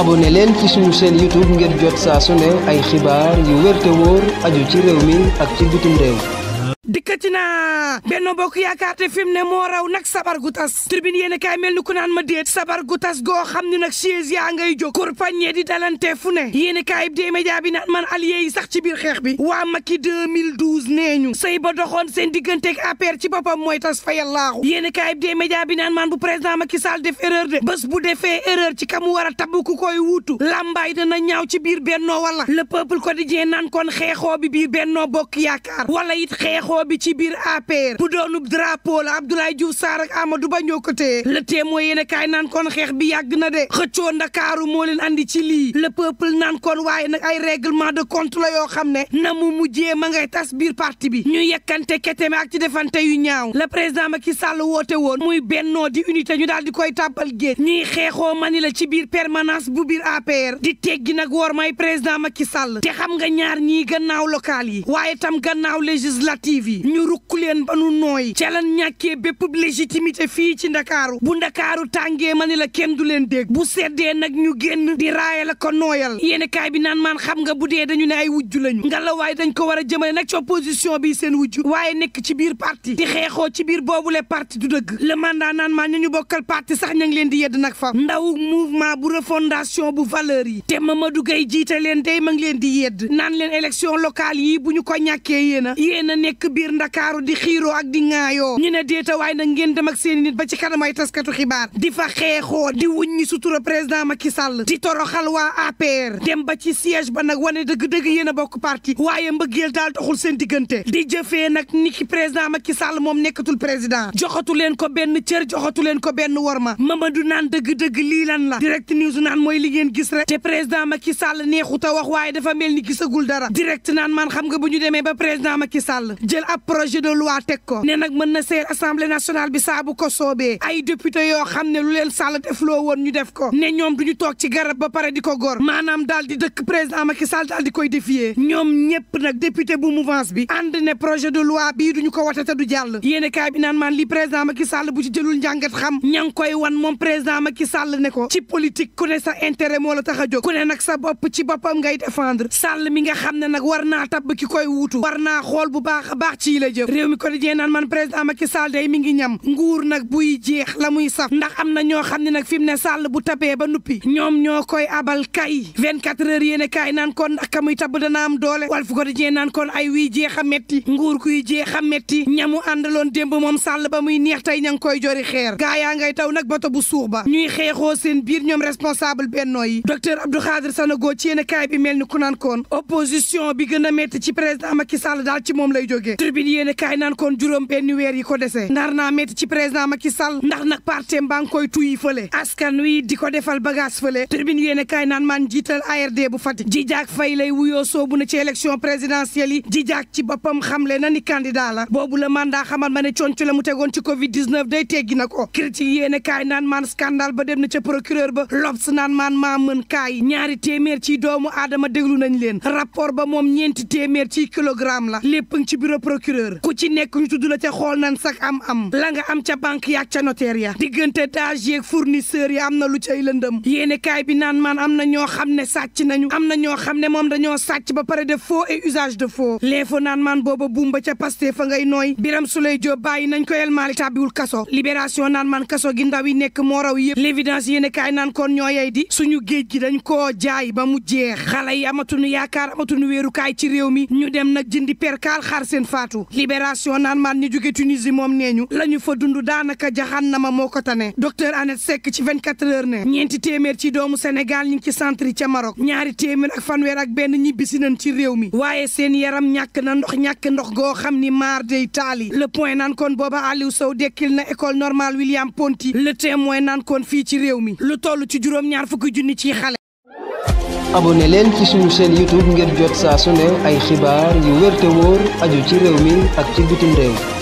abonné leen ci suñu chaîne YouTube ngir jot saa su ay xibaar yu wér te wóor ci réew mi ak ci bitim réew dikkati naa Benno Bokk Yaakaar te fi mu ne moo raw nag sabar gu tas tribune yéen kaay mel ni ku naan ma déet sabar gu tas goo xam ne nag chaise a ngay jóg kurpañe di dalante fu ne yéen kaay bi dee bi naan man allié yi sax ci biir xeex bi waa Macky 2012 nee ñu sëy ba doxoon seen diggante APR ci boppam mooy tas fa yàllaahu yéen kaay bi dee média bi naan man bu président Macky Sall def erreur de bés bu defee erreur ci kamu war a tabbu ku koy wuutu lambaay dana ñaaw ci biir Benno wala le peuple quotidien naan kon xeexoo bi biir Benno Bokk Yaakaar wala it xeexoo drapeau bi ci biir APR bu doonub drapeau la Abdoulaye Diouf Sarr ak Amadou Ba ñoo ko téye le témoin yéen nan kaay naan kon xeex bi yàgg na de xëccoo ndakaaru moo leen ci lii le peuple naan kon waaye nag ay règlement de compte la yoo xam ne na mu mujjee ma ngay tas biir parti bi ñu yekkante keteme ak ci defante yu ñaaw le président ki Sall woote woon muy bennoo di unité ñu daal di koy tàbbal géej ñuy xeexoo ma ni la ci biir permanence bu biir APR di teggi nag woor may président Macky Sall te xam nga ñaar ñii gannaaw local yi yi ñu rukk leen ba nu nooy ca lan ñàkkee bépp légitimité fii ci ndakaaru bu ndakaaru tàngee ma ni la kenn du leen dégg bu seddee nag ñu génn di raaya la ko nooyal yéen kaay bi naan man xam nga bu dee dañu ne ay wujj lañu nga la waaye dañ ko war a jëmale nag ci opposition bi seen wujj waaye nekk ci biir parti di xeexoo ci biir boobule parti du dëgg le mandat naan maan ñu bokkal parti sax ña ngi leen di yedd nag fa ndaw mouvement bu refondation bu valeur yi te Mamadou Gaye jiite leen day ma ngi leen di yedd naan leen yi bu ñu ko ñàkkee biir ndakaaru di xiiroo ak di ŋaayoo ñu ne déeta waaye nag ngeen dem ak seeni nit ba ci kanamay taskatu xibaar di fa xeexoo di wuññi sutura président Macky Sall di xal waa APR dem ba ci siège ba nag wane dëgg-dëgg yéen a bokk parti waaye mbëggeel daal doxul seen diggante di jëfe nag ni ki président Macky Sall moom nekkatul président joxatu leen ko benn cër joxatu leen ko benn worma Mamadou naan dëgg-dëgg lii lan la direct news naan mooy li ngeen gis rek te président Macky Sall neexut a wax waaye dafa mel ni gisagul dara direct naan man xam nga bu ñu demee ba président Macky Sall jël ab projet de loi teg ko ne nag mën na seen assemblée nationale bi saa bu ko soobee ay député yoo xam ne lu leen sàll def loo woon ñu def ko ne ñoom du ñu toog ci garab ba pare di ko gor maanaam daal di dëkk président Macky Sall daal di koy défier ñoom ñëpp nag député bu mouvance bi ànd ne projet de loi bii du ñu ko wote te du jàll yéene kaay bi naan maan li président Macky Sall bu ci jëlul njàngat xam ña koy wan moom président Macky Sall ne ko ci politique ku ne sa intérêt moo la tax a jóg ku ne nag sa bopp ci boppam ngay défendre Sall mi nga xam ne nag war naa tabb ki koy wuutu war naa xool bu baax baax ci la jëf réew mi quotidien naan man président Macky Sall day mi ngi ñam nguur nag buy jeex la muy saf ndax am na ñoo xam ne nag fi mu ne Sall bu tapee ba nuppi ñoom ñoo koy abal kay 24 heures yéen a kaay naan kon ndax ka muy tabb dana am doole Walf Quotidien naan kon ay wii jeex a metti nguur kuy jeex a metti ñamu àndaloon démb moom Sall ba muy neex tey ña ngi koy jori xeer gaa yaa ngay taw nag boto bu suux ba ñuy xeexoo seen biir ñoom responsable bennoo yi docteur Abdou Khadir Sanogo ci yéen kaay bi mel ni ku naan koon opposition bi gën a metti ci président Macky Sall daal ci moom lay jógee tribune yéen kaay naan kon juróom benn weer yi ko dese nar naa métti ci président Macky Sall ndax nag parti koy tuyi fële askan wi di ko defal bagage fële tribune yéen kaay naan man jiital ARD bu Fatick Djidiack Faye lay wuyoo soobu na ci élection présidentielle yi Djidiack ci boppam xamle na ni candidat la boobu la mandat xamal ma ne conco la mu tegoon ci Covid 19 day teggi na ko critique yéen kaay naan man scandale ba dem na ca procureur ba L'Obs naan man maa ci doomu aadama déglu nañ leen rapport ba moom ñeenti téeméer ci kilogramme la lépp ci bureau procureur ku ci nekk ñu tudd la ca xool nan sax am-am la nga am ca banque yaak ca notaire ya diggante étage yeeg fournisseur ya am na lu ca cay lëndëm yéene kaay bi naan maan am na ñoo xam ne sàcc nañu am na ñoo xam ne moom dañoo sàcc ba pare de faux et usage de faux léefo naan maan booba buumba ca Pastef fa ngay nooy Biram Souleye Diop bàyyi nañ ko El Malick tàbbiwul kaso libération naan maan kaso gi ndaw yi nekk moo raw yëpp l'évidence yéene kaay naan kon ñoo yey di suñu géej gi dañ koo jaay ba mu jeex xale yi amatuñu yaakaar amatuñu ci réew mi faatu libération naan maan ñi jóge Tunisie moom nee ñu la ñu fa dund daanaka jaxannama moo ko tane docteur Annette Seck ci 24 heures ne ñeenti téeméer ci doomu Sénégal ñu ngi ci centre yi ca Maroc ñaari téeméer ak fanweer ak benn ñibbisi nañ ci réew mi waaye seen yaram ñàkk na ndox ñàkk ndox goo xam ni maar day taali le point naan kon booba Aliou Sow dekkil na école normale William Ponty le témoin naan kon fii ci réew mi lu toll ci juróom ñaar fukki junni ci xale abone leen ci suñu seen YouTube ngir jot saa ay xibaar yu wér te wóor aju ci réew mi ak ci bitim réew